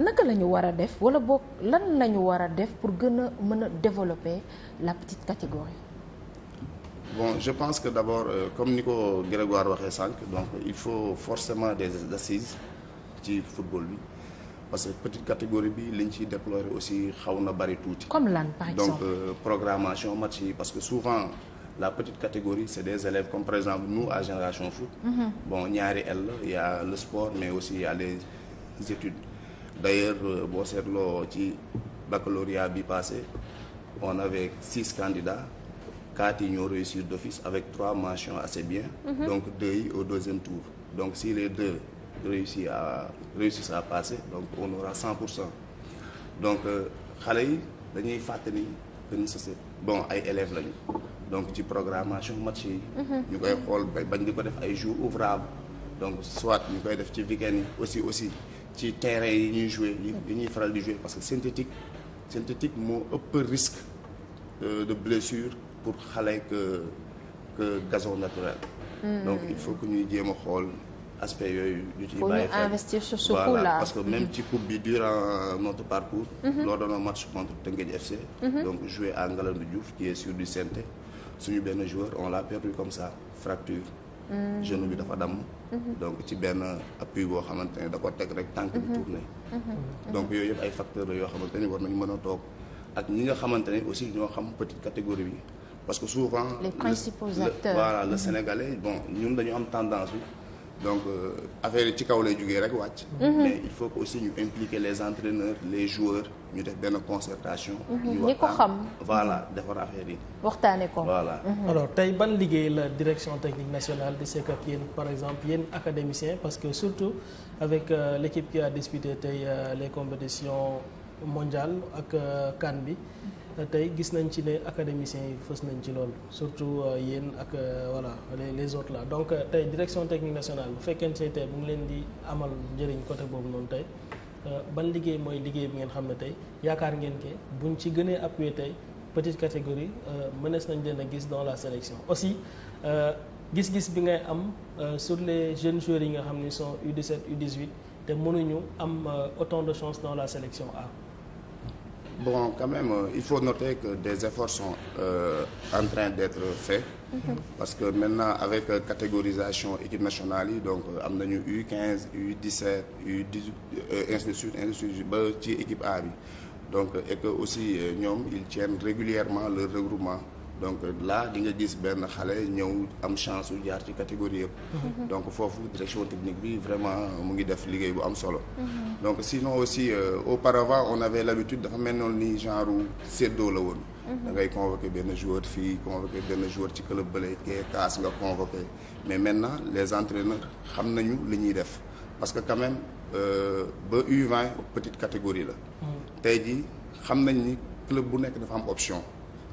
naka la ñu war a def wala boog lan la ñu war a def pour gën a mën a développer la petite catégorie. bon je pense que d'abord euh, comme ni ko Grégoire waxee sànq donc il faut forcément des assises ci football bi parce que petite catégorie bi liñ ciy déplorer aussi xaw na bari tuuti. comme lan par exemple donc euh, yi parce que souvent. la petite catégorie c'est des élèves comme par exemple nous à Génération Foot. Mm-hmm. ñaari L la le sport mais aussi y les études. d'ailleurs euh, boo seetloo ci baccalauréat bi passé on avait six candidats quatre yi ñoo réussir d'office avec trois mentions assez bien mm -hmm. donc deux yi au deuxième tour donc si les deux réussissent à réussissent à passer donc on aura cent pour cent donc euh, xale yi dañuy fàttali ni sase bon ay élèves lañu donc ci programmation match yi mhm. ñu koy xool bañ di ko def ay jour ouvrables donc soit ñu koy def ci week yi aussi aussi ci terrain yi ñuy jouer yi ñuy faral di jouer parce que synthétique synthétique moo ëpp risque euh, de blessure pour xale que que gazon naturel. Hmm. donc il faut que ñuy jéem a xool aspect yooyu. ñu ciy bàyyi xel investir sur ce que même ci coupe bi durant notre parcours. Mhm. loo doon match contre Teungueth FC. Mhm. donc jouer à Ngalandou Diouf qui est sur du synthé suñu benn joueur on l'a perdu comme ça fracture. Mm. genou bi dafa damm. Mm-hmm. donc ci benn appui boo xamante ne da ko teg rek tànk bi mm-hmm. tourné. Mm-hmm. donc yooyu yëpp ay facteurs la yoo xamante ne war nañu mën a toog ak ñi nga xamante ne aussi ñoo xam petite catégorie bi parce que souvent. les principaux acteurs le, voilà le sénégalais bon ñun dañu am tendance bi. donc euh, affaire yi ci kaw lay jugee rek wàcc. Mhm. mais il faut que aussi ñu impliquer les entraîneurs les joueurs ñu def benn concertation. Mhm. ñu ñi ko xam voilà defar affaire yi. waxtaanee ko voilà. Mhm. alors tey ban liggéey la direction technique nationale di sekk ak yéen par exemple yéen académiciens parce que surtout avec euh, l' équipe qui a disputé tey euh, les compétitions mondiales ak kan euh, bi. Euh, tey gis nañ ci ne académiciens yi fës nañ ci lool surtout euh, yéen ak euh, voilà les les la donc tey direction technique nationale bu fekkente ne tey bu ngi leen di amal njëriñ côté boobu noonu tey ban liggéey mooy liggéey bi ngeen xam ne tey yaakaar ngeen ke buñ ci gënee appuyer tey petite catégorie mënees nañ leen a gis dans la sélection aussi gis-gis bi ngay am sur les jeunes joueurs yi nga xam ni son U17 U18 te mënuñu am autant de chance dans la sélection A Bon, quand même, euh, il faut noter que des efforts sont euh, en train d'être faits. Mhm. Parce que maintenant, avec euh, catégorisation équipe nationale, donc, on a eu U15, U17, U18, ainsi de suite, ainsi de suite, équipe A. Donc, euh, et que aussi, euh, ils tiennent régulièrement le regroupement. donc là di nga gis benn xale ñëw am chance u jaar ci catégorie yëpp mhm. donc foofu direction technique bi vraiment mu ngi def liggéey bu am solo mhm. donc sinon aussi euh, auparavant on avait l'habitude dafa mel noonu ni genre séddoo la woon mhm. da ngay convoqué benn joueur fii convoqué benn joueur ci club bële kee kaas nga convoqué mais maintenant les entraîneurs xam nañu li ñuy def parce que quand même euh, ba U20 petite catégorie la tey jii xam nañ ni club bu nekk dafa am option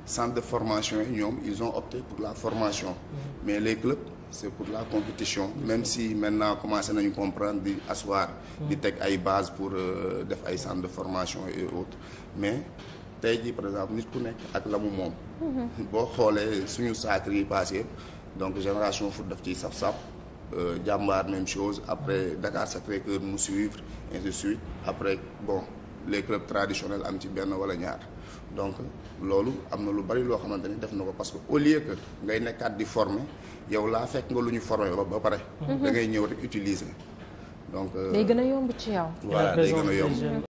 centre de formation yi ñoom ils ont opté pour la formation mm-hmm. mais les clubs c'est pour la compétition mm-hmm. même si maintenant commencé nañu comprendre di asseoir di mm-hmm. teg ay base pour euh, def ay centre de formation et autres mais tey jii par exemple nit ku nekk ak la mu moom boo xoolee suñu sacre yi passé donc génération foot daf ciy saf-saf euh, jàmbaar même chose après Dakar Sacré-Cœur mu suivre ainsi de suite après bon les clubs traditionnels am ci benn wala ñaar donc loolu am na lu bari loo xamante ni def na ko parce que au lieu que ngay nekkaat di former yow laa fekk nga lu ñu former ba ba pare. Mhm. da ñëw rek utiliser donc. day euh, gën a yomb ci yow. voilà day gën a yomb.